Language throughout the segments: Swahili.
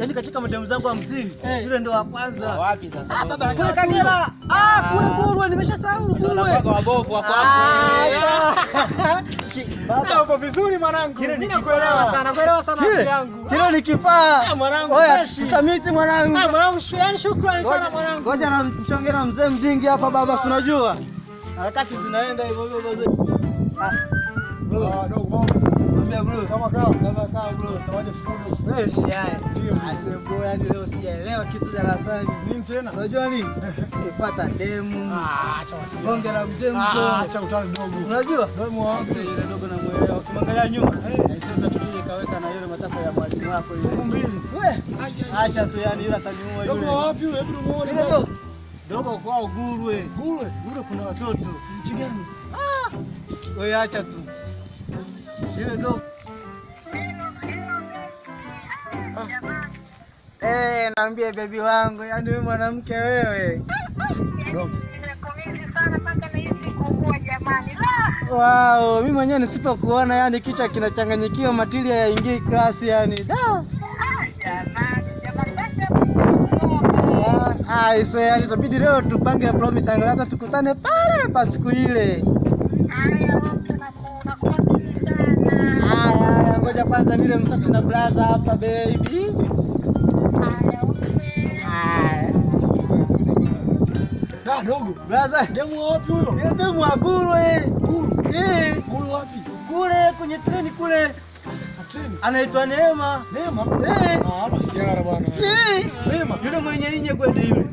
yani katika mademu zangu hamsini yule ndo wa kwanza. Wapi sasa? Ah, kule Kagera. Ah, ah, kule Gurwe nimeshasahau wabovu hapo. Ah, baba uko vizuri mwanangu. Mimi nakuelewa sana. Kuelewa sana rafiki yangu. Kile ni kifaa. Mwanangu. Tamiti mwanangu. Ah, mwanangu shukrani shukrani sana mwanangu. Ngoja na mchongera mzee mdingi hapa baba, si unajua. Harakati zinaenda hivyo hivyo. mzee. Ah yaani leo sijaelewa kitu darasani. Nini tena? Unajua nini? Nipata demu. Ah, acha wasi. Bonge la demu. Ah, acha utani dogo. Unajua? Demu wangu ile dogo na muelewa. Ukimwangalia nyuma, sio tatizo kaweka na yule matako ya mwalimu wako ile. Mbili. We, acha tu yani yule ataniua yule. Dogo wapi yule? Hebu muone. Dogo. Dogo kwao Gurwe. Gurwe, Gurwe kuna watoto. Nchi gani? Ah. Wewe acha tu. Eh, naambia bebi wangu, yaani wewe mwanamke wewe. Wow, mimi mwenyewe nisipokuona yani kichwa kinachanganyikiwa matiria yaingii klasi yani. Da. Aise, ah, ah, yani itabidi leo tupange promise angalau tukutane pale pa siku ile. na vile msasi na blaza hapa baby. Ah, dogo. Blaza, demu wapi huyo? Ile eh, demu wa Gulu eh. Gulu. Eh, Gulu wapi? Kule kwenye treni kule. Treni. Anaitwa Neema. Neema? Eh. Ah, hapa siara bwana. Eh. Neema. Yule mwenye inye kwenda yule.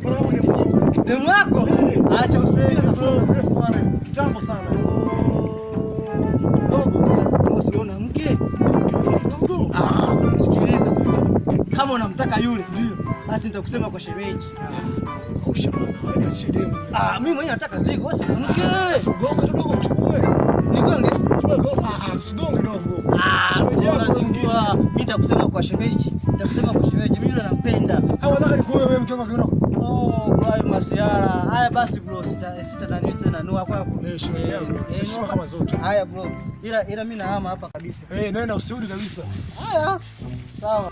Demu wako? Eh. Acha useme. kama unamtaka yule ndio basi nitakusema kwa shemeji. Ah, ah, ah mimi mwenyewe nataka mimi nitakusema kwa shemeji. Nitakusema kwa shemeji mimi nampenda. nikuoe wewe mke oh, masiara. Haya basi bro, sita sita na nua kwa Eh, eh, eh kama zote. Haya bro. Ila ila mimi nahama hapa kabisa. Eh, nenda usirudi kabisa. Haya. Sawa.